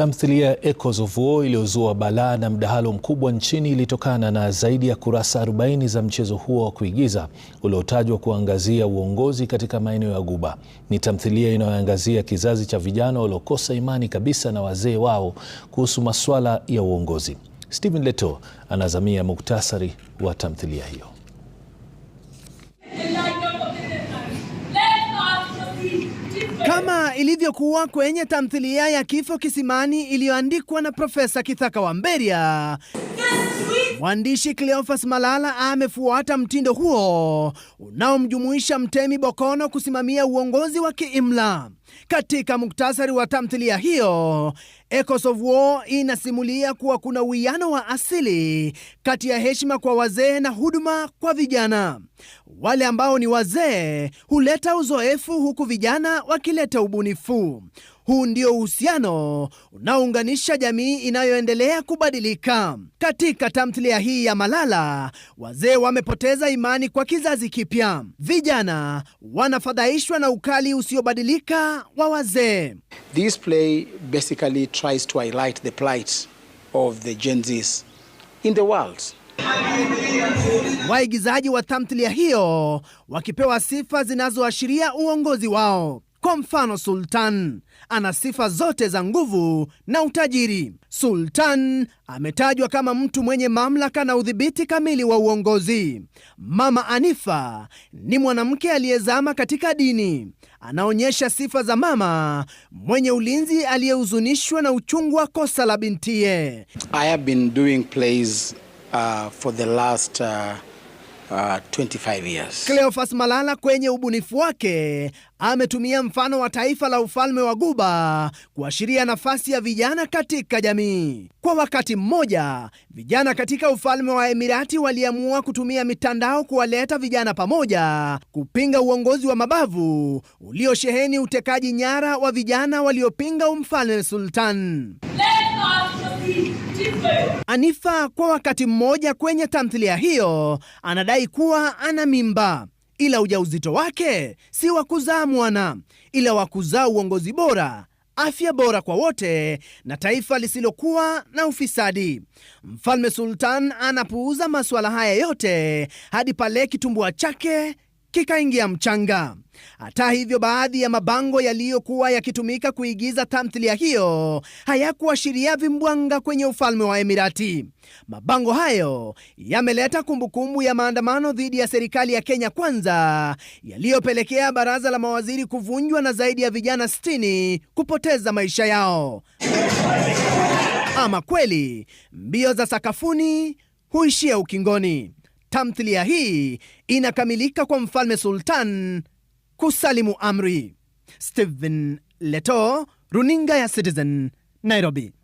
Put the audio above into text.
Tamthilia ya Echoes of War iliyozua balaa na mdahalo mkubwa nchini ilitokana na zaidi ya kurasa 40 za mchezo huo wa kuigiza uliotajwa kuangazia uongozi katika maeneo ya guba Ni tamthilia inayoangazia kizazi cha vijana waliokosa imani kabisa na wazee wao kuhusu masuala ya uongozi. Stephen Leto anazamia muktasari wa tamthilia hiyo. Kama ilivyokuwa kwenye tamthilia ya Kifo Kisimani iliyoandikwa na Profesa Kithaka wa Wamberia. Mwandishi Cleophas Malala amefuata mtindo huo unaomjumuisha Mtemi Bokono kusimamia uongozi wa kiimla. Katika muktasari wa tamthilia hiyo, Echoes of War inasimulia kuwa kuna uwiano wa asili kati ya heshima kwa wazee na huduma kwa vijana. Wale ambao ni wazee huleta uzoefu, huku vijana wakileta ubunifu. Huu ndio uhusiano unaounganisha jamii inayoendelea kubadilika. Katika tamthilia familia hii ya Malala, wazee wamepoteza imani kwa kizazi kipya. Vijana wanafadhaishwa na ukali usiobadilika wa wazee. This play basically tries to highlight the plight of the Gen Zs in the world. Waigizaji wa tamthilia hiyo wakipewa sifa zinazoashiria uongozi wao. Kwa mfano, Sultan ana sifa zote za nguvu na utajiri. Sultan ametajwa kama mtu mwenye mamlaka na udhibiti kamili wa uongozi. Mama Anifa ni mwanamke aliyezama katika dini, anaonyesha sifa za mama mwenye ulinzi aliyehuzunishwa na uchungu wa kosa la bintiye. I have been doing plays, uh, for the last, uh uh, 25 years. Cleophas Malala kwenye ubunifu wake ametumia mfano wa taifa la ufalme wa Guba kuashiria nafasi ya vijana katika jamii. Kwa wakati mmoja, vijana katika ufalme wa Emirati waliamua kutumia mitandao kuwaleta vijana pamoja kupinga uongozi wa mabavu uliosheheni utekaji nyara wa vijana waliopinga umfalme Sultan. Anifa kwa wakati mmoja kwenye tamthilia hiyo anadai kuwa ana mimba, ila ujauzito wake si wa kuzaa mwana, ila wa kuzaa uongozi bora, afya bora kwa wote na taifa lisilokuwa na ufisadi. Mfalme Sultan anapuuza masuala haya yote hadi pale kitumbua chake kikaingia mchanga. Hata hivyo, baadhi ya mabango yaliyokuwa yakitumika kuigiza tamthilia hiyo hayakuashiria vimbwanga kwenye ufalme wa Emirati. Mabango hayo yameleta kumbukumbu ya maandamano dhidi ya serikali ya Kenya Kwanza yaliyopelekea baraza la mawaziri kuvunjwa na zaidi ya vijana 60 kupoteza maisha yao. Ama kweli mbio za sakafuni huishia ukingoni. Tamthilia hii inakamilika kwa mfalme Sultan kusalimu amri. Stephen Leto, runinga ya Citizen, Nairobi.